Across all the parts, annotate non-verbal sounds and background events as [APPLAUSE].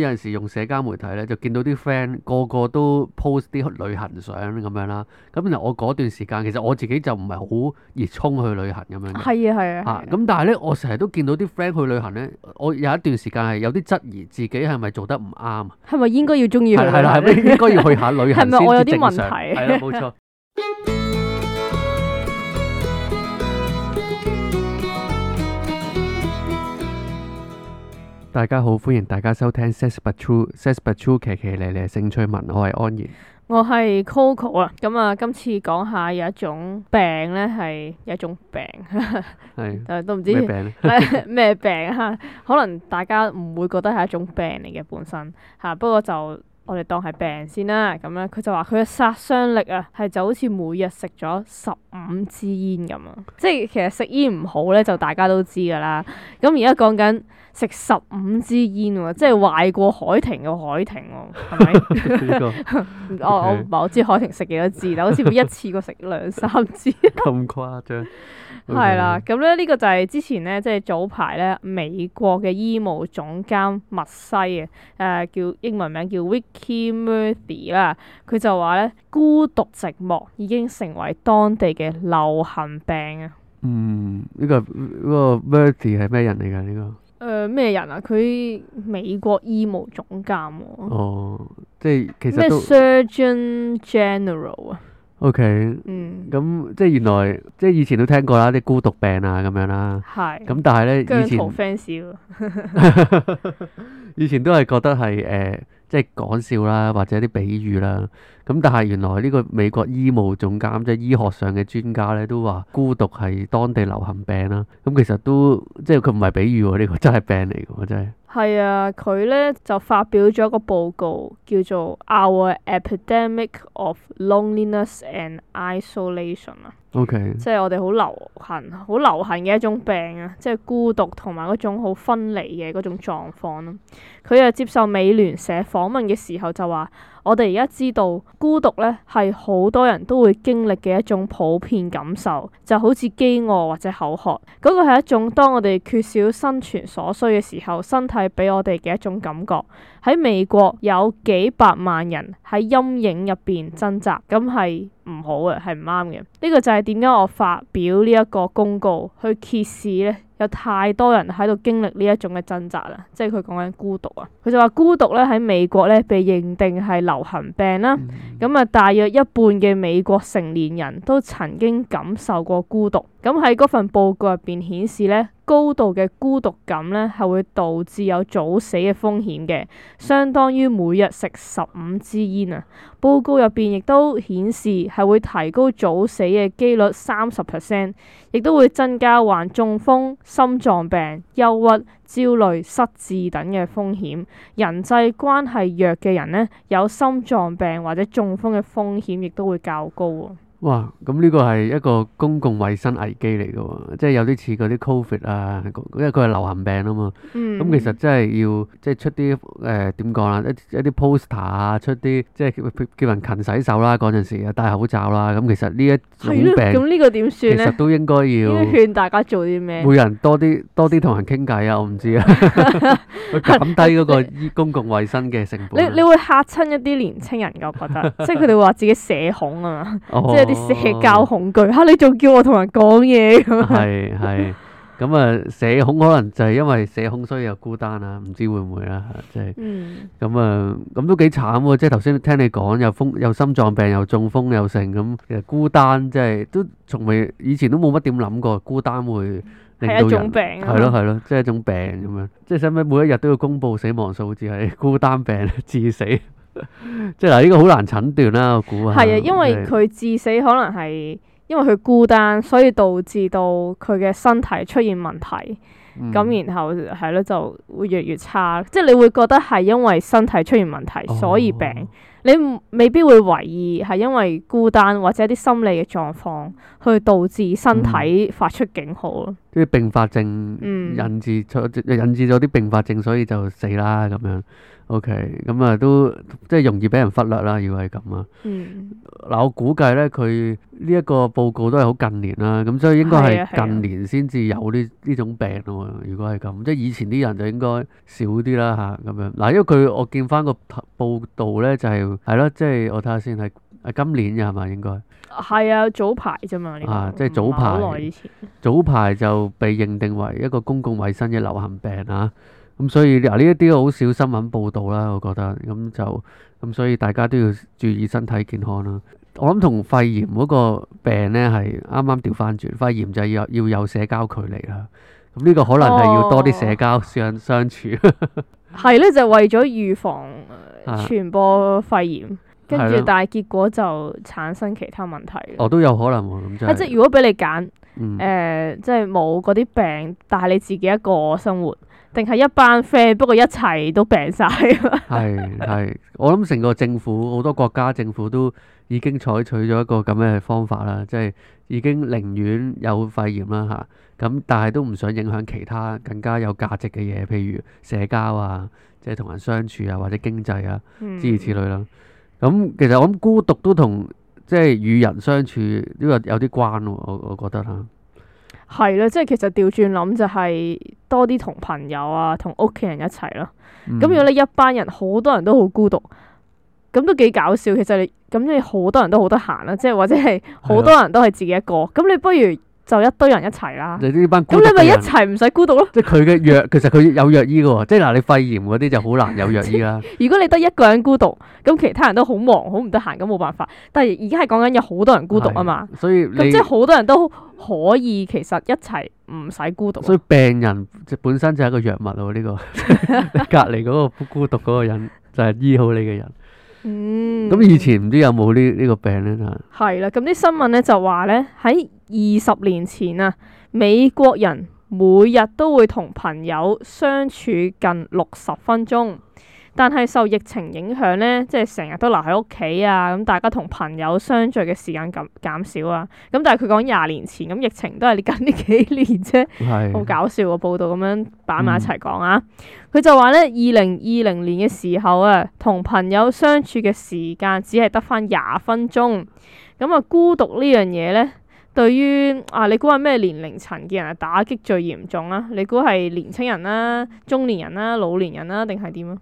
有陣時用社交媒體咧，就見到啲 friend 個個都 post 啲旅行相咁樣啦。咁我嗰段時間其實我自己就唔係好熱衷去旅行咁樣。係啊係啊嚇。咁但係咧，我成日都見到啲 friend 去旅行咧，我有一段時間係有啲質疑自己係咪做得唔啱啊？係咪應該要鍾意？係係啦，係咪應該要去下旅行。係咪我有啲問題？係啦，冇錯。大家好，歡迎大家收聽《says but true》，says but true，奇奇咧咧，興趣文，我係安然，我係 Coco 啊，咁啊，今次講下有一種病咧，係一種病，係 [LAUGHS] 是， [LAUGHS] 都唔知咩病咩 [LAUGHS] [LAUGHS] 病啊，可能大家唔會覺得係一種病嚟嘅本身吓，不過就。我哋當係病先啦，咁樣佢就話佢嘅殺傷力啊，係就好似每日食咗十五支煙咁啊！即係其實食煙唔好咧，就大家都知㗎啦。咁而家講緊食十五支煙喎，即係壞過海廷嘅海廷喎，係咪？我我唔係，我知海廷食幾多支，但好似一次過食兩三支。咁 [LAUGHS] [LAUGHS] [LAUGHS] 誇張？係、okay，啦，咁咧呢、這個就係之前咧，即係早排咧，美國嘅醫務總監麥西啊，誒、呃、叫英文名叫 Kim Murthy 啦，佢就話咧，孤獨寂寞已經成為當地嘅流行病啊。嗯，呢個嗰個 Murthy 係咩人嚟噶呢個誒，咩人啊？佢美國醫務總監喎。哦，即係其實咩 Surgeon General 啊？OK，嗯，咁即係原來即係以前都聽過啦，啲孤獨病啊咁樣啦。係。咁但係咧，以前以前都係覺得係誒。即係講笑啦，或者啲比喻啦，咁但係原來呢個美國醫務總監即係醫學上嘅專家咧，都話孤獨係當地流行病啦。咁其實都即係佢唔係比喻喎，呢個真係病嚟喎，真係。係啊，佢咧就發表咗一個報告，叫做《Our Epidemic of Loneliness and Isolation》啊。OK，即係我哋好流行、好流行嘅一種病啊，即係孤獨同埋嗰種好分離嘅嗰種狀況咯啊。佢又接受美聯社訪問嘅時候就話。我哋而家知道孤獨呢係好多人都會經歷嘅一種普遍感受，就好似飢餓或者口渴，嗰、嗰個係一種當我哋缺少生存所需嘅時候，身體俾我哋嘅一種感覺。喺美國有幾百萬人喺陰影入邊掙扎，咁係唔好嘅，係唔啱嘅。呢、呢個就係點解我發表呢一個公告去揭示呢。有太多人喺度經歷呢一種嘅掙扎啦，即係佢講緊孤獨啊。佢就話孤獨咧喺美國咧被認定係流行病啦。咁啊，大約一半嘅美國成年人都曾經感受過孤獨。咁喺嗰份報告入邊顯示呢，高度嘅孤獨感呢，係會導致有早死嘅風險嘅，相當於每日食十五支煙啊。報告入邊亦都顯示係會提高早死嘅幾率三十 percent，亦都會增加患中風、心臟病、憂鬱、焦慮、失智等嘅風險。人際關係弱嘅人呢，有心臟病或者中風嘅風險亦都會較高喎。哇！咁呢個係一個公共衞生危機嚟嘅喎，即係有啲似嗰啲 Covid 啊，因為佢係流行病啊嘛。咁、嗯、其實真係要即係、就是、出啲誒點講啦，一啲 poster 啊，post ar，出啲即係叫，叫人勤洗手啦、啊，嗰陣時啊，戴口罩啦、啊。咁其實呢一種病，咁呢個點算咧？其實都應該要，要勸大家做啲咩？每人多啲多啲同人傾偈啊！我唔知啊， [LAUGHS] [LAUGHS] 減低嗰個公共衞生嘅成本。 [LAUGHS] 你你，你會嚇親一啲年青人㗎，我覺得，即係佢哋話自己社恐啊即係。啲社交恐懼吓，你仲叫我同人講嘢咁啊？係係咁啊，社恐可能就係因為社恐，所以又孤單啦。唔知會唔會啊？嗯，即係咁啊，咁都幾慘喎！即係頭先聽你講，又風又心臟病，又中風又成咁，其實孤單即係都從未以前都冇乜點諗過孤單會係一種病，係咯係咯，即係一種病咁樣。即係使唔使每一日都要公布死亡數字係孤單病致死？即係呢個好難診斷啦，我估係啊，因為佢致死可能係因為佢孤單，所以導致到佢嘅身體出現問題，咁、嗯、然後係咯，就會越嚟越差，即係你會覺得係因為身體出現問題，所以病。哦你未必會懷疑係因為孤單或者啲心理嘅狀況去導致身體發出警號咯。即係併、嗯嗯、發症引致引致咗啲併發症，所以就死啦咁樣。OK，咁啊都即係容易俾人忽略啦。如果係咁啊，嗱、嗯、我估計咧，佢呢一個報告都係好近年啦。咁所以應該係近年先至有呢呢種病啊。啊如果係咁，即係以前啲人就應該少啲啦吓，咁樣。嗱，因為佢我見翻個報道咧就係、是。係咯，即係、就是、我睇下先係，今年嘅係嘛應該係啊，早排啫嘛啊即係、就是、早排，早排就被認定為一個公共衛生嘅流行病啊，咁所以嗱呢一啲好少新聞報道啦，我覺得咁就咁，所以大家都要注意身體健康啦、啊。我諗同肺炎嗰個病呢係啱啱調翻轉，肺炎就要，要有社交距離啊，咁呢個可能係要多啲社交相、哦、相處。 [LAUGHS] 係咧，就係、為咗預防傳播肺炎，跟住的但係結果就產生其他問題。哦，都有可能喎。咁即係，如果俾你揀，誒、嗯，即係冇嗰啲病，但係你自己一個生活，定係一班 friend，不過一切都病晒。係係的， [LAUGHS] 我諗成個政府好多國家政府都已經採取咗一個咁嘅方法啦，即、就、係、係、已經寧願有肺炎啦吓。咁但係都唔想影響其他更加有價值嘅嘢，譬如社交啊，即係同人相處啊，或者經濟啊，諸如此類啦。咁、嗯、其實我諗孤獨都同即係與人相處都有有啲關咯、啊，我我覺得吓、啊。係啦,即係其實調轉諗就係、是、多啲同朋友啊，同屋企人一齊咯。咁、嗯、如果你一班人好多人都好孤獨，咁都幾搞笑。其實咁你好多人都好得閒啦，即係或者係好多人都係自己一個。咁的你不如。就一堆人一齊啦，咁你咪一齊唔使孤獨咯。即係佢嘅藥，其實佢有藥醫㗎， [LAUGHS] 即係嗱，你肺炎嗰啲就好難有藥醫啦。如果你得一個人孤獨，咁其他人都好忙，好唔得閒，咁冇辦法。但係而家係講緊有好多人孤獨啊嘛，所以咁即係好多人都可以其實一齊唔使孤獨。所以病人本身就係一個藥物呢、呢個， [LAUGHS] [LAUGHS] 隔籬嗰個孤獨嗰個人就係、是、醫好你嘅人。嗯，咁以前唔知有冇呢呢個病咧？係啦，咁啲新聞咧就話咧喺。二十年前啊，美國人每日都會同朋友相處近六十分鐘，但係受疫情影響呢，即係成日都留喺屋企啊，咁大家同朋友相聚嘅時間減少啊。咁但係佢講廿年前咁，疫情都係你近呢幾年啫，好是 搞笑個報道咁樣擺埋一齊講啊。佢、嗯、就話呢，二零二零年嘅時候啊，同朋友相處嘅時間只係得返廿分鐘，咁啊孤獨呢樣嘢呢。對於啊，你估係咩年齡層嘅人係打擊最嚴重啊？你估係年青人啦、啊、中年人啦、啊、老年人啦，定係點啊？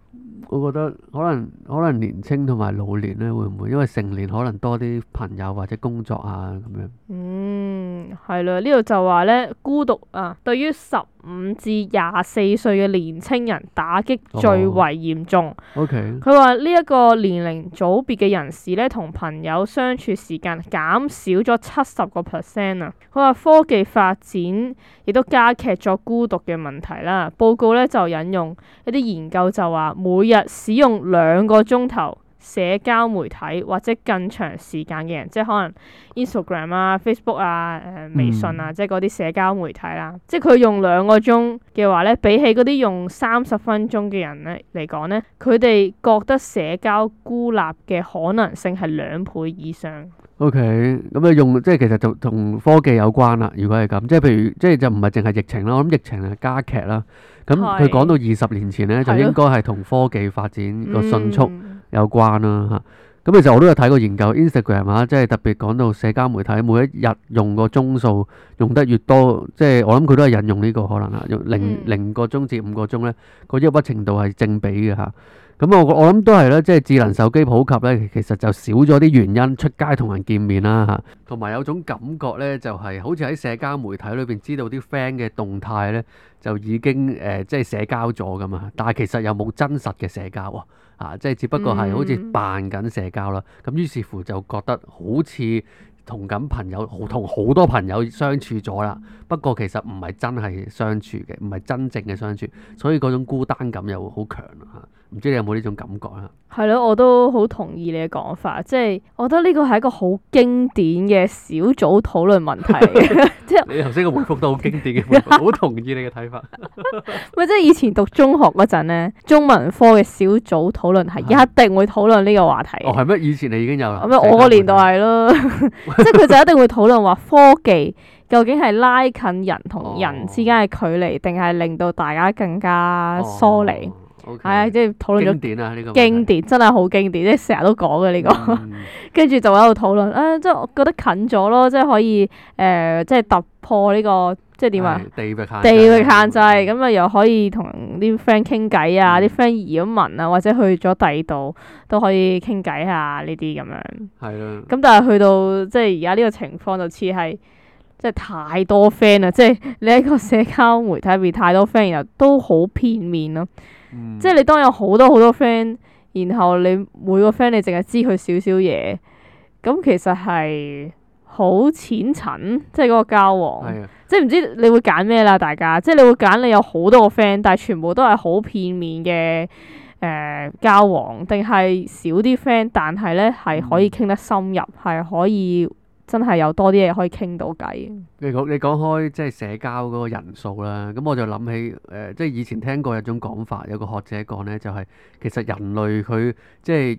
我覺得可能可能年青同埋老年咧，會唔會因為成年可能多啲朋友或者工作啊咁樣？嗯，係啦，呢度就話咧孤獨啊，對於十五至廿四歲嘅年青人打擊最為嚴重。佢話呢一個年齡組別嘅人士呢，同朋友相處時間減少咗七十個 percent 啊！佢話科技發展亦都加劇咗孤獨嘅問題啦。報告呢就引用一啲研究就話，每日使用兩個鐘頭。社交媒體或者更長時間嘅人，即係可能 Instagram 啊、Facebook 啊、誒微信啊，即係嗰啲社交媒體啦。嗯、即係佢用兩個鐘嘅話咧，比起嗰啲用三十分鐘嘅人咧嚟講咧，佢哋覺得社交孤立嘅可能性係兩倍以上。OK。咁啊，用即係其實就同科技有關啦。如果係咁，即係譬如即係就唔係淨係疫情啦，我諗疫情係加劇啦。咁佢講到二十年前咧，的就應該係同科技發展個迅速。嗯有關啦，啊、嚇，咁其實我都有睇過研究 Instagram 啊，即係特別講到社交媒體每一日用個鐘數用得越多，即係我諗佢都係引用呢個可能啊，用零零個鐘至五個鐘呢，個抑鬱程度係正比嘅嚇、啊。咁我我諗都係啦，即係智能手機普及咧，其實就少咗啲原因出街同人見面啦吓，同、啊、埋有種感覺咧，就係、是、好似喺社交媒體裏邊知道啲 friend 嘅動態咧，就已經誒、呃、即係社交咗㗎嘛，但係其實又冇真實嘅社交啊，啊即係只不過係好似扮緊社交啦、啊，咁於是乎就覺得好似同緊朋友，同好多朋友相處咗啦、啊，不過其實唔係真係相處嘅，唔係真正嘅相處，所以嗰種孤單感又好強啊。啊唔知你有冇呢種感覺啦？係咯，我都好同意你嘅講法，即係我覺得呢個係一個好經典嘅小組討論問題。即係你頭先嘅回覆都好經典嘅，好 [LAUGHS] 同意你嘅睇法。咪即係以前讀中學嗰陣咧， [LAUGHS] 中文科嘅小組討論係一定會討論呢個話題。 [LAUGHS] 哦，係、哦、咩？以前你已經有啦？咁我個年代係咯，即係佢就一定會討論話科技究竟係拉近人同人之間嘅距離，定係令到大家更加疏離？係 Okay, 啊，即係討論咗經典真係好經典，即係成日都講嘅呢個。跟住、嗯、 [LAUGHS] 就喺度討論啊，即係我覺得近咗咯，即係可以誒、呃，即係突破呢、呢個即係點啊？地域限制，地域限制咁啊，嗯、又可以同啲 friend 傾偈啊，啲 friend、嗯、移咗民啊，或者去咗第二度都可以傾偈啊，呢啲咁樣。係咯的。咁但係去到即係而家呢個情況就似係。即係太多 friend 啦，即係你喺個社交媒體入邊太多 friend，又都好片面咯。嗯、即係你當有好多好多 friend，然後你每個 friend 你淨係知佢少少嘢，咁其實係好淺層，即係嗰個交往。是啊、即係唔知你會揀咩啦，大家，即係你會揀你有好多個 friend，但係全部都係好片面嘅，誒、呃、交往，定係少啲 friend，但係咧係可以傾得深入，係、嗯、可以。真係有多啲嘢可以傾到偈。你講你講開即係社交嗰個人數啦，咁我就諗起誒、呃，即係以前聽過有種講法，有個學者講咧，就係、是、其實人類佢即係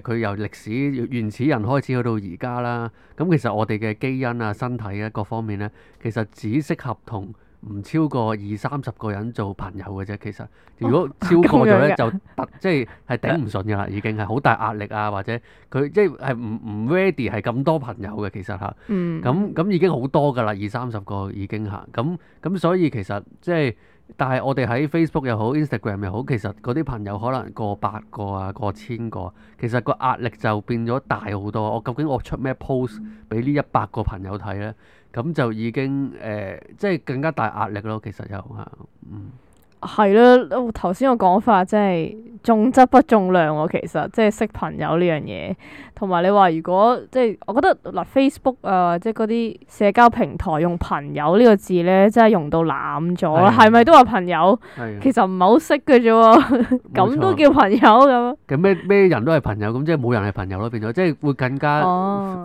誒佢由歷史原始人開始去到而家啦。咁其實我哋嘅基因啊、身體啊各方面咧，其實只適合同，唔超過二三十個人做朋友嘅啫，其實如果超過咗咧、哦， [LAUGHS] 就得、是，即係係頂唔順㗎啦，已經係好大壓力啊，或者佢即係係唔唔 ready 係咁多朋友嘅其實吓，咁咁、嗯、已經好多㗎啦，二三十個已經吓。咁咁所以其實即係但係我哋喺 Facebook 又好，Instagram 又好，其實嗰啲朋友可能過百個啊，過千個，其實個壓力就變咗大好多。我究竟我出咩 post 俾呢一百個朋友睇咧？咁就已經誒、呃，即係更加大壓力咯。其實又係，嗯。係咯，頭先個講法真係重質不重量喎。其實即係識朋友呢樣嘢，同埋你話如果即係，我覺得嗱 Facebook 啊，即係嗰啲社交平台用朋友呢個字咧，真係用到濫咗啦。係咪的都話朋友？的其實唔係好識嘅啫喎，咁都的 [LAUGHS] 叫朋友咁？咁咩咩人都係朋友？咁即係冇人係朋友咯，變咗即係會更加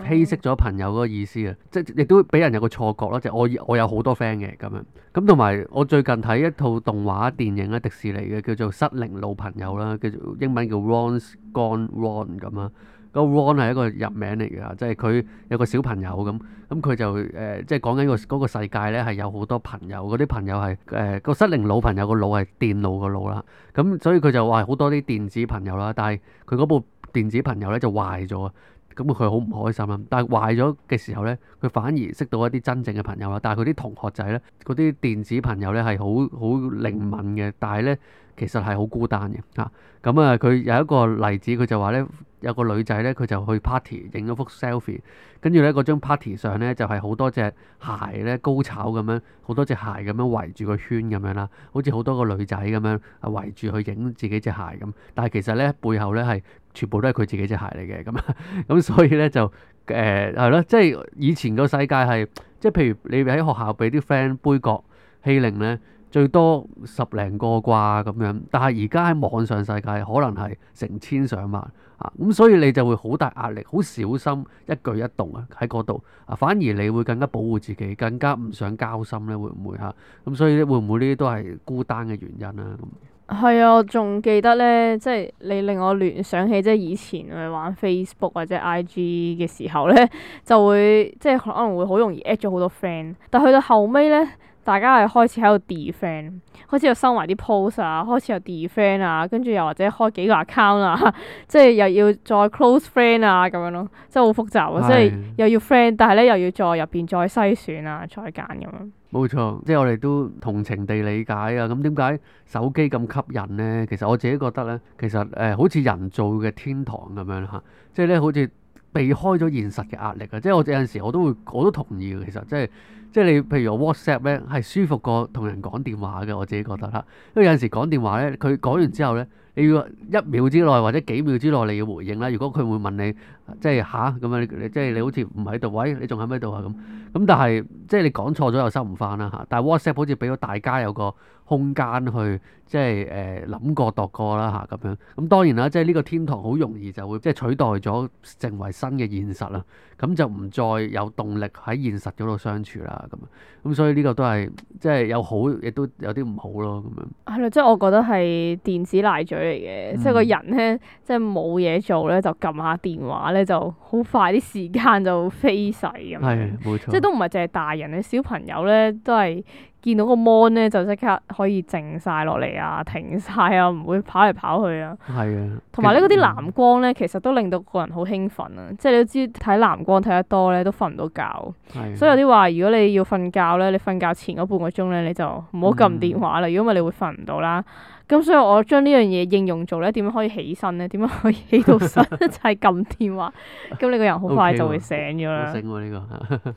稀釋咗朋友嗰個意思啊。即係亦都俾人有個錯覺咯，即係我我有好多 friend 嘅咁樣。咁同埋我最近睇一套動畫。電影咧，迪士尼嘅叫做失叫 Ron、呃呃《失靈老朋友》啦，叫做英文叫 Ron's Gone Wrong 咁啊。個 Ron 係一個入名嚟㗎，即係佢有個小朋友咁，咁佢就誒即係講緊個嗰個世界咧係有好多朋友，嗰啲朋友係誒個失靈老朋友個腦係電腦個腦啦。咁所以佢就話好多啲電子朋友啦，但係佢嗰部電子朋友咧就壞咗。咁佢好唔開心啦，但係壞咗嘅時候咧，佢反而識到一啲真正嘅朋友啦。但係佢啲同學仔咧，嗰啲電子朋友咧係好好靈敏嘅，但係咧其實係好孤單嘅嚇。咁啊，佢有一個例子，佢就話咧，有個女仔咧，佢就去 party 影咗幅 selfie，跟住咧嗰張 party 上咧就係好多隻鞋咧高炒咁樣，好多隻鞋咁樣圍住個圈咁樣啦，好似好多個女仔咁樣啊圍住去影自己隻鞋咁。但係其實咧背後咧係，全部都係佢自己隻鞋嚟嘅，咁 [LAUGHS] 咁、嗯、所以呢，就誒係咯，即係以前個世界係即係譬如你喺學校俾啲 friend 杯葛欺凌呢，最多十零個啩咁樣，但係而家喺網上世界可能係成千上萬啊，咁、嗯、所以你就會好大壓力，好小心一舉一動啊喺嗰度啊，反而你會更加保護自己，更加唔想交心呢。會唔會嚇？咁、啊嗯、所以咧會唔會呢啲都係孤單嘅原因呢？啊嗯係啊，我仲記得咧，即係你令我聯想起即係以前去玩 Facebook 或者 IG 嘅時候咧，就會即係可能會好容易 at 咗好多 friend，但去到後尾咧。大家係開始喺度 defriend，開始又收埋啲 post 啊，開始又 defriend 啊，跟住又或者開幾個 account 啊， [LAUGHS] 即係又要再 close friend 啊咁樣咯，即係好複雜啊！是 即係又要 friend，但係咧又要再入面再篩選啊，再揀咁樣。冇錯，即係我哋都同情地理解啊！咁點解手機咁吸引咧？其實我自己覺得咧，其實誒、呃、好似人造嘅天堂咁樣吓，即係咧好似。避開咗現實嘅壓力啊！即係我有陣時我都會，我都同意嘅。其實、就係、即係即係你，譬如我 WhatsApp 咧，係舒服過同人講電話嘅。我自己覺得嚇，因為有陣時講電話咧，佢講完之後咧，你要一秒之內或者幾秒之內你要回應啦。如果佢會問你。即係嚇咁樣，即係你好似唔喺度，喂，你仲喺咪度啊？咁咁，但係即係你講錯咗又收唔翻啦嚇。但係 WhatsApp 好似俾到大家有個空間去，即係誒諗過度過啦嚇咁樣。咁當然啦，即係呢個天堂好容易就會即係取代咗成為新嘅現實啦。咁就唔再有動力喺現實嗰度相處啦咁。咁所以呢個都係即係有好，亦都有啲唔好咯咁樣。係啦，即係我覺得係電子奶嘴嚟嘅，即係個人咧，即係冇嘢做咧就撳下電話咧。就好快啲時間就飛逝。咁，即係都唔係淨係大人咧，小朋友咧都係見到個 mon 咧就即刻可以靜晒落嚟啊，停晒啊，唔會跑嚟跑去啊。同埋咧，嗰啲藍光咧，其實，其實都令到個人好興奮啊！即係你都知睇藍光睇得多咧都瞓唔到覺，的所以有啲話如果你要瞓覺咧，你瞓覺前嗰半個鐘咧你就唔好撳電話啦，如果唔係你會瞓唔到啦。咁所以我將呢樣嘢應用做咧，點樣可以起身咧？點樣可以起到身？ [LAUGHS] [LAUGHS] 就係撳電話，咁你個人好快就會醒咗啦。醒喎，呢個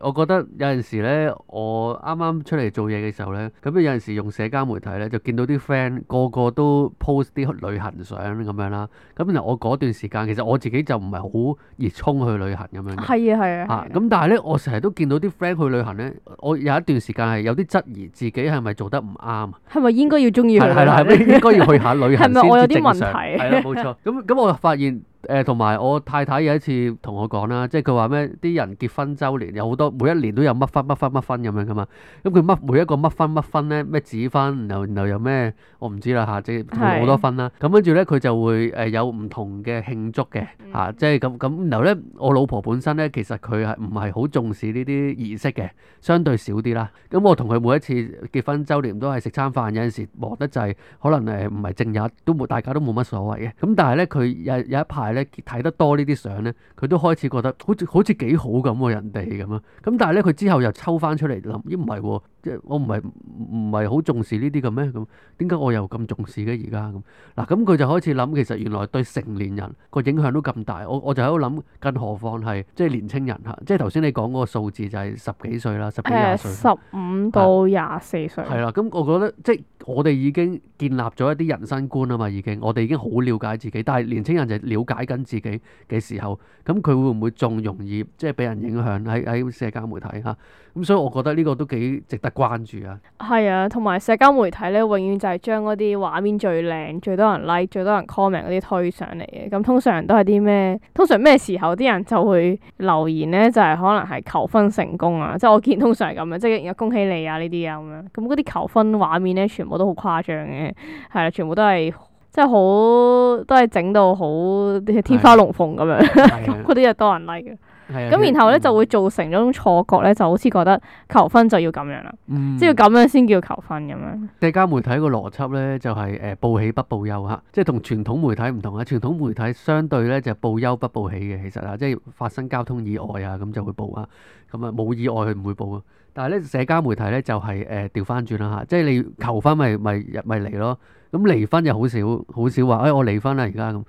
我覺得有陣時咧，我啱啱出嚟做嘢嘅時候咧，咁有陣時用社交媒體咧，就見到啲 friend 個個都 post 啲旅行相咁樣啦。咁我嗰段時間其實我自己就唔係好熱衷去旅行咁樣，係啊係啊。嚇！咁但係咧，我成日都見到啲 friend 去旅行咧，我有一段時間係有啲質疑自己係咪做得唔啱啊？係咪應該要中意。係係啦， [LAUGHS] 應該要去下旅行先正常。係啦， [LAUGHS] 冇 [LAUGHS] 錯。咁咁，我發現。誒同埋我太太有一次同我講啦，即係佢話咩啲人結婚週年有好多每一年都有乜婚乜婚乜婚咁樣噶嘛，咁佢乜每一個乜婚乜婚咧咩紙婚，然後然後又咩我唔知啦嚇，即係好多婚啦。咁跟住咧佢就會誒有唔同嘅慶祝嘅嚇，即係咁咁然後咧我老婆本身咧其實佢係唔係好重視呢啲儀式嘅，相對少啲啦。咁我同佢每一次結婚週年都係食餐飯，有陣時忙得滯，可能誒唔係正日都冇，大家都冇乜所謂嘅。咁但係咧佢有有一排。睇得多呢啲相咧，佢都開始覺得好似好似幾好咁喎，人哋咁啊，咁但係咧，佢之後又抽返出嚟諗，咦唔係喎。即我唔係唔係好重視呢啲嘅咩咁？點解我又咁重視嘅而家咁？嗱咁佢就開始諗，其實原來對成年人個影響都咁大。我我就喺度諗，更何況係即係年青人嚇。即係頭先你講嗰個數字就係十幾歲啦，十幾廿歲。十五到廿四歲。係啦，咁我覺得即係我哋已經建立咗一啲人生觀啊嘛，已經我哋已經好了解自己。但係年青人就係了解緊自己嘅時候，咁、嗯、佢會唔會仲容易即係俾人影響喺喺社交媒體嚇？咁、啊啊、所以我覺得呢個都幾值得。關注啊，係啊，同埋社交媒體咧，永遠就係將嗰啲畫面最靚、最多人 like、最多人 comment 嗰啲推上嚟嘅。咁通常都係啲咩？通常咩時候啲人就會留言咧？就係、是、可能係求婚成功啊！即係我見通常係咁樣，即係恭喜你啊呢啲啊咁樣。咁嗰啲求婚畫面咧，全部都好誇張嘅，係啦、啊，全部都係即係好都係整到好天花龍鳳咁樣，咁嗰啲又多人 like 嘅。咁然後咧就會造成咗種錯覺咧，就好似覺得求婚就要咁樣啦，即係要咁樣先叫求婚咁樣。社交媒體個邏輯咧就係誒，報喜不報憂吓，即係同傳統媒體唔同啊。傳統媒體相對咧就報憂不報喜嘅，其實啊，即係發生交通意外啊，咁就會報啊，咁啊，冇意外佢唔會報啊。但係咧，社交媒體咧就係誒調翻轉啦吓，即係你求婚咪咪入咪嚟咯咁離婚又好少，好少話，誒，我離婚啦，而家咁。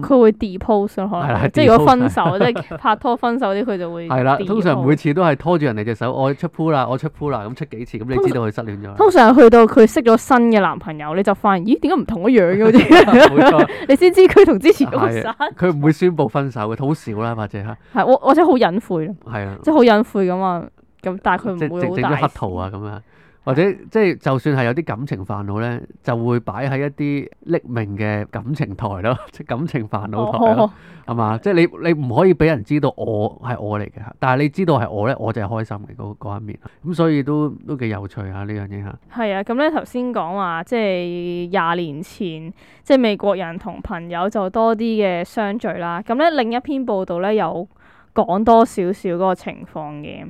佢會 depose 咯，可能，即係如果分手，即係拍拖分手啲，佢就會係啦。通常每次都係拖住人哋隻手，我出 pull 啦，我出 pull 啦，咁出幾次，咁你知道佢失戀咗。通常去到佢識咗新嘅男朋友，你就發現，咦，點解唔同嘅樣啲？你先知佢同之前咁散。佢唔會宣布分手嘅，好少啦，或者吓。係，或者好隱晦。即係好隱晦咁啊，咁但係佢唔會好大。即係拍拖咁樣或者即係就算係有啲感情煩惱咧，就會擺喺一啲匿名嘅感情台咯，即感情煩惱台咯，係嘛呵？即係你你唔可以俾人知道我係我嚟嘅，但係你知道係我咧，我就係開心嘅嗰嗰一面。咁所以都都幾有趣啊呢樣嘢嚇。係啊，咁咧頭先講話即係廿年前，即係美國人同朋友就多啲嘅相聚啦。咁咧另一篇報道咧有講多少少嗰個情況嘅。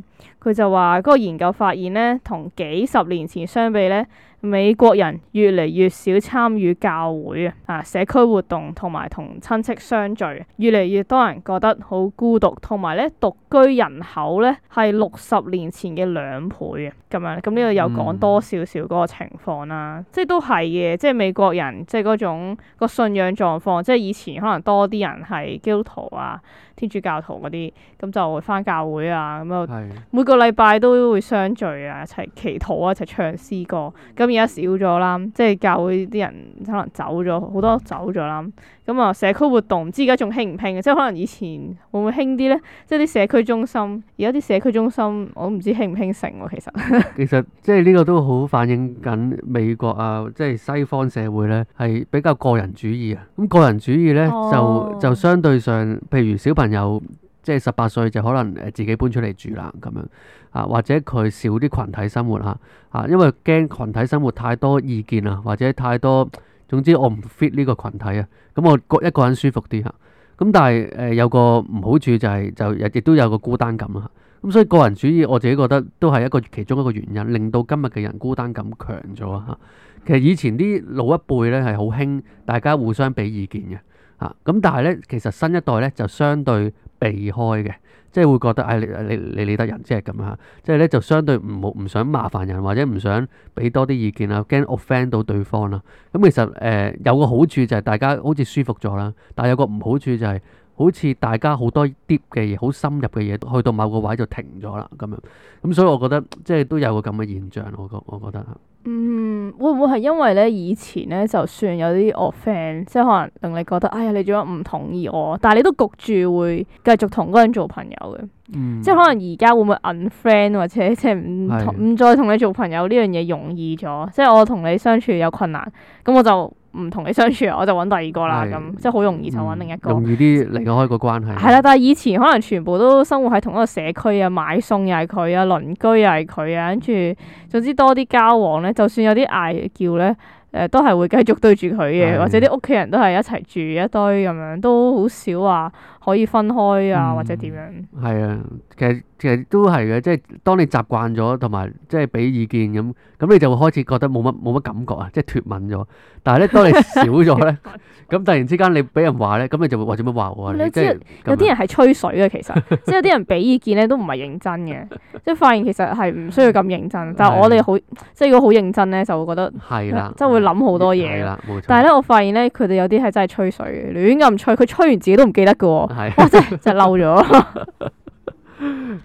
佢就話嗰個研究發現咧，同幾十年前相比咧，美國人越嚟越少參與教會啊、社區活動同埋同親戚相聚，越嚟越多人覺得好孤獨，同埋咧獨居人口咧係六十年前嘅兩倍啊咁樣。咁呢度有講多少少嗰個情況啦，嗯，即係都係嘅，即係美國人即係嗰種個信仰狀況，即係以前可能多啲人係基督徒啊、天主教徒嗰啲，咁就會返教會啊，咁啊係嘅，每個個禮拜都會相聚啊，一齊祈禱啊，一齊唱詩歌。咁而家少咗啦，即係教會啲人可能走咗，好多走咗啦。咁啊，社區活動唔知而家仲興唔興嘅，即係可能以前會唔會興啲咧？即係啲社區中心，而家啲社區中心我都唔知興唔興成啊。 [LAUGHS] 其實其實即係呢個都好反映緊美國啊，即係西方社會咧係比較個人主義啊。咁個人主義咧就就相對上，譬如小朋友。即係十八歲就可能誒自己搬出嚟住啦，咁樣啊，或者佢少啲群體生活吓啊,啊，因為驚群體生活太多意見啊，或者太多，總之我唔 fit 呢個群體啊，咁、嗯、我覺一個人舒服啲吓。咁、啊、但係誒、呃、有個唔好處就係、是、就亦都有個孤單感啊。咁、啊、所以個人主義我自己覺得都係一個其中一個原因，令到今日嘅人孤單感強咗啊,啊。其實以前啲老一輩咧係好興大家互相俾意見嘅啊，咁、啊、但係咧其實新一代咧就相對。相對避開嘅，即係會覺得，哎，你你你理得人即係咁樣，即係咧就相對唔冇唔想麻煩人，或者唔想俾多啲意見啊，驚 offend 到對方啦。咁、嗯、其實誒、呃、有個好處就係大家好似舒服咗啦，但係有個唔好處就係、是。好似大家好多 deep 嘅嘢，好深入嘅嘢，去到某個位就停咗啦，咁樣。咁、嗯、所以我覺得即係都有個咁嘅現象，我覺我覺得嗯，會唔會係因為咧以前咧就算有啲 offend 即係可能令你覺得，哎呀，你做乜唔同意我，但係你都焗住會繼續同嗰個人做朋友嘅。嗯、即係可能而家會唔會 unfriend 或者即係唔唔再同你做朋友呢樣嘢容易咗？即係我同你相處有困難，咁我就。唔同你相處，我就揾第二個啦，咁是即係好容易就揾另一個。嗯、容易啲離開一個關係。係啦以，但係以前可能全部都生活喺同一個社區啊，買餸又係佢啊，鄰居又係佢啊，跟住總之多啲交往咧，就算有啲嗌叫咧，誒、呃、都係會繼續對住佢嘅，的或者啲屋企人都係一齊住一堆咁樣，都好少話。可以分開啊，或者點樣？係啊，其實其實都係嘅，即係當你習慣咗同埋即係俾意見咁，咁你就會開始覺得冇乜冇乜感覺啊，即係脫敏咗。但係咧，當你少咗咧，咁突然之間你俾人話咧，咁你就會話做乜話我啊？你知，即係有啲人係吹水嘅，其實即係有啲人俾意見咧都唔係認真嘅，即係發現其實係唔需要咁認真。但係我哋好即係如果好認真咧，就會覺得係啦，即係會諗好多嘢。但係咧，我發現咧，佢哋有啲係真係吹水嘅，亂咁吹，佢吹完自己都唔記得㗎喎。係，即係漏咗。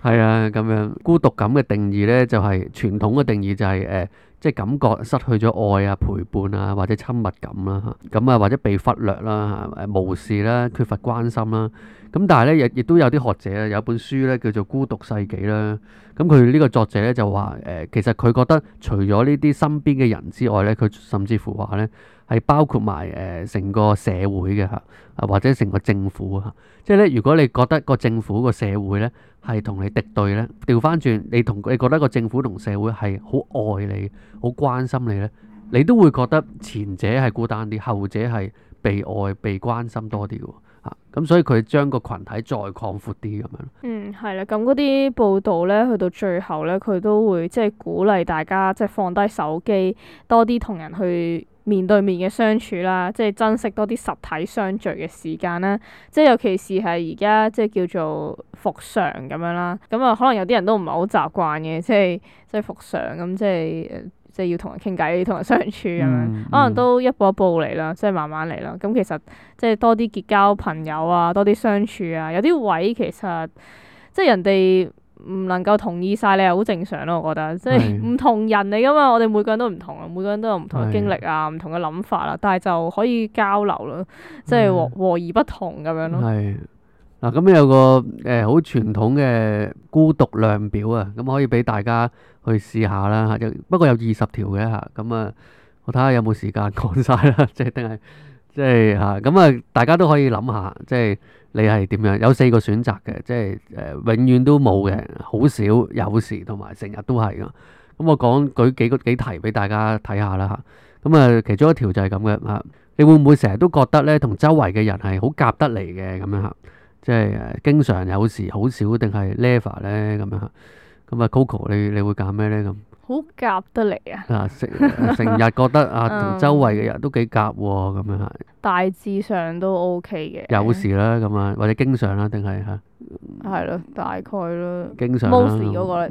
係啊，咁樣孤獨感嘅定義呢，就係、是、傳統嘅定義就係、是、誒、呃，即係感覺失去咗愛啊、陪伴啊，或者親密感啦。咁啊，或者被忽略啦、誒、啊、無視啦、缺乏關心啦。咁、啊、但係呢，亦亦都有啲學者咧，有一本書呢，叫做《孤獨世紀》啦。咁佢呢個作者呢，就話誒、呃，其實佢覺得除咗呢啲身邊嘅人之外呢，佢甚至乎話呢。係包括埋誒成個社會嘅嚇，或者成個政府啊，即係咧。如果你覺得個政府個社會咧係同你敵對咧，調翻轉你同你覺得個政府同社會係好愛你、好關心你咧，你都會覺得前者係孤單啲，後者係被愛、被關心多啲喎嚇。咁所以佢將個群體再擴闊啲咁樣。嗯，係啦。咁嗰啲報道咧，去到最後咧，佢都會即係、就是、鼓勵大家即係、就是、放低手機，多啲同人去。面對面嘅相處啦，即係珍惜多啲實體相聚嘅時間啦，即係尤其是係而家即係叫做復常咁樣啦，咁啊可能有啲人都唔係好習慣嘅，即係即係復常咁，即係即係要同人傾偈、同人相處咁樣，嗯嗯、可能都一步一步嚟啦，即係慢慢嚟啦。咁其實即係多啲結交朋友啊，多啲相處啊，有啲位其實即係人哋。唔能夠同意晒，你係好正常咯。我覺得是即係唔同人嚟噶嘛，我哋每個人都唔同啊，每個人都有唔同嘅經歷啊，唔是同嘅諗法啦。但係就可以交流囉，是即係和和而不同咁樣咯。係嗱，咁、啊、有個誒好傳統嘅孤獨量表啊，咁可以俾大家去試下啦。不過有二十條嘅吓，咁啊，我睇下有冇時間講晒啦，即係定係。即係嚇，咁啊，大家都可以諗下，即係你係點樣？有四個選擇嘅，即係誒、呃，永遠都冇嘅，好少，有時同埋成日都係噶。咁、嗯、我講舉幾個幾題俾大家睇下啦嚇。咁啊，其中一條就係咁嘅嚇，你會唔會成日都覺得咧同周圍嘅人係好夾得嚟嘅咁樣嚇？即係、啊、經常有時好少定係 never 咧咁樣嚇。咁啊，Coco，你你會揀咩咧咁？好夾得嚟啊，啊！啊，成成日覺得啊，同 [LAUGHS] 周圍嘅人都幾夾喎，咁樣係。大致上都 OK 嘅。有時啦，咁啊，或者經常啦，定係嚇？係、啊、咯，大概咯。經常啦。Mostly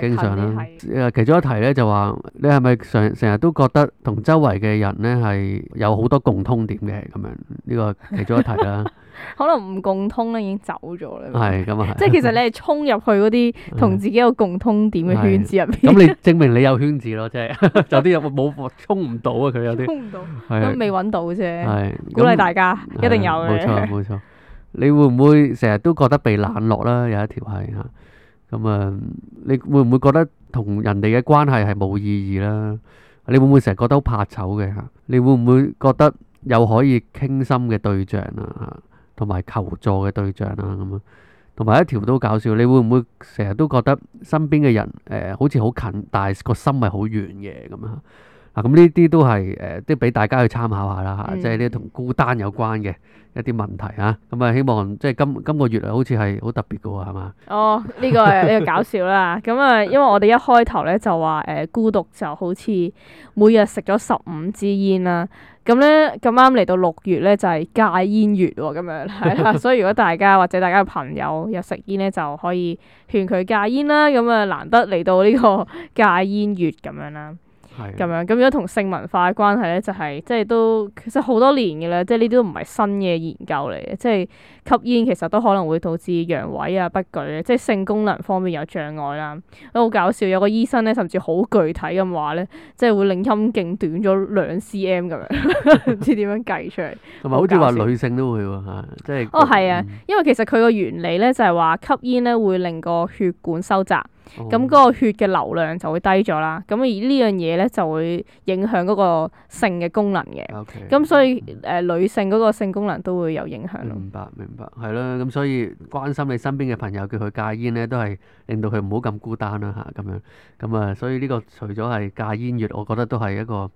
經常啦。嗯、其中一題咧就話，你係咪成成日都覺得同周圍嘅人咧係有好多共通點嘅？咁樣呢、呢個其中一題啦。 [LAUGHS] 可能唔共通啦，已經走咗啦。係咁啊，嗯、即係其實你係衝入去嗰啲同自己有共通點嘅圈子入邊。咁你證明你有圈子咯，即係 [LAUGHS] 有啲人冇冇衝唔到啊？佢有啲衝唔到，都是未搵到啫。是鼓勵大家是一定有嘅。冇錯冇錯，你會唔會成日都覺得被冷落啦？嗯、有一條係嚇咁啊！你會唔會覺得同人哋嘅關係係冇意義啦？你會唔會成日覺得好怕醜嘅嚇？你會唔會覺得有可以傾心嘅對象啊？同埋求助嘅對象啦，咁啊，同埋一條都好搞笑。你會唔會成日都覺得身邊嘅人誒、呃、好似好近，但係個心係好遠嘅咁啊？啊，咁呢啲都係誒，都、呃、俾大家去參考下啦嚇，啊嗯、即係呢，同孤單有關嘅一啲問題啊。咁啊，希望即係今今個月好似係好特別嘅喎，係嘛？哦，呢個係呢個搞笑啦。咁啊，因為我哋一開頭咧就話誒，孤獨就好似每日食咗十五支煙啦。咁咧咁啱嚟到六月咧，就係戒煙月喎，咁樣係啦。 [LAUGHS] 所以如果大家或者大家嘅朋友有食煙咧，就可以勸佢戒煙啦。咁啊，難得嚟到呢個戒煙月咁樣啦。咁樣咁樣同性文化嘅關係咧、就係，就係即係都其實好多年嘅啦，即係呢啲都唔係新嘅研究嚟嘅。即係吸煙其實都可能會導致陽痿啊、不舉，即係性功能方面有障礙啦、啊。都好搞笑，有個醫生咧，甚至好具體咁話咧，即係會令陰莖短咗兩 cm 咁樣，唔知點樣計出嚟。同埋 [LAUGHS] 好似話女性都會喎、啊，即係哦係啊，因為其實佢個原理咧就係、係、話吸煙咧會令個血管收窄。咁嗰個血嘅流量就會低咗啦，咁而呢樣嘢咧就會影響嗰個性嘅功能嘅。咁 Okay, 所以誒、呃，女性嗰個性功能都會有影響。明白，明白，係咯。咁所以關心你身邊嘅朋友，叫佢戒煙咧，都係令到佢唔好咁孤單啦吓，咁樣咁啊，所以呢個除咗係戒煙月，我覺得都係一個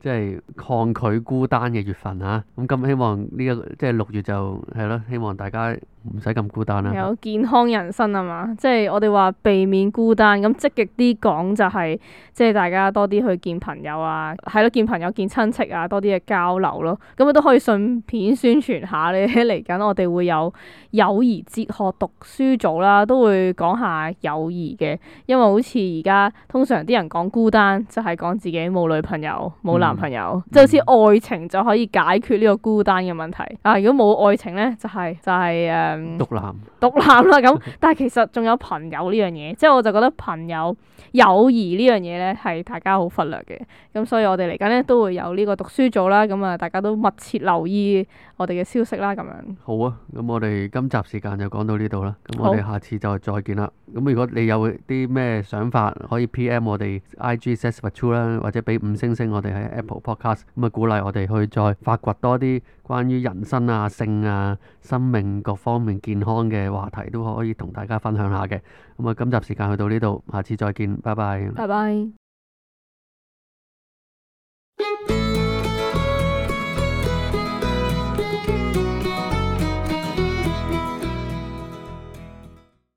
即係抗拒孤單嘅月份嚇。咁今希望呢一即係六月就係咯，希望大家，唔使咁孤單啦，有健康人生啊嘛，即係我哋話避免孤單，咁積極啲講就係，即係大家多啲去見朋友啊，係咯，見朋友見親戚啊，多啲嘅交流咯，咁我都可以順便宣傳下呢，嚟 [LAUGHS] 緊我哋會有友誼哲學讀書組啦，都會講下友誼嘅，因為好似而家通常啲人講孤單，就係講自己冇女朋友冇男朋友，嗯、就好似愛情就可以解決呢個孤單嘅問題，啊，如果冇愛情咧，就係、就係、誒。就是就是 uh 獨讀男， [LAUGHS] 男，獨男啦咁，但係其實仲有朋友呢樣嘢， [LAUGHS] 即係我就覺得朋友，友誼，友誼呢樣嘢咧，係大家好忽略嘅。咁所以我哋嚟緊咧都會有呢個讀書組啦，咁啊，大家都密切留意我哋嘅消息啦，咁樣。好啊，咁我哋今集時間就講到呢度啦。咁我哋下次就再見啦。咁好如果你有啲咩想法，可以 P M 我哋 I G says for two 啦，或者俾五星星我哋喺 Apple Podcast，咁啊鼓勵我哋去再發掘多啲關於人生啊、性啊。生命各方面健康嘅話題都可以同大家分享下嘅。咁啊，今集時間去到呢度，下次再見，拜拜。拜拜。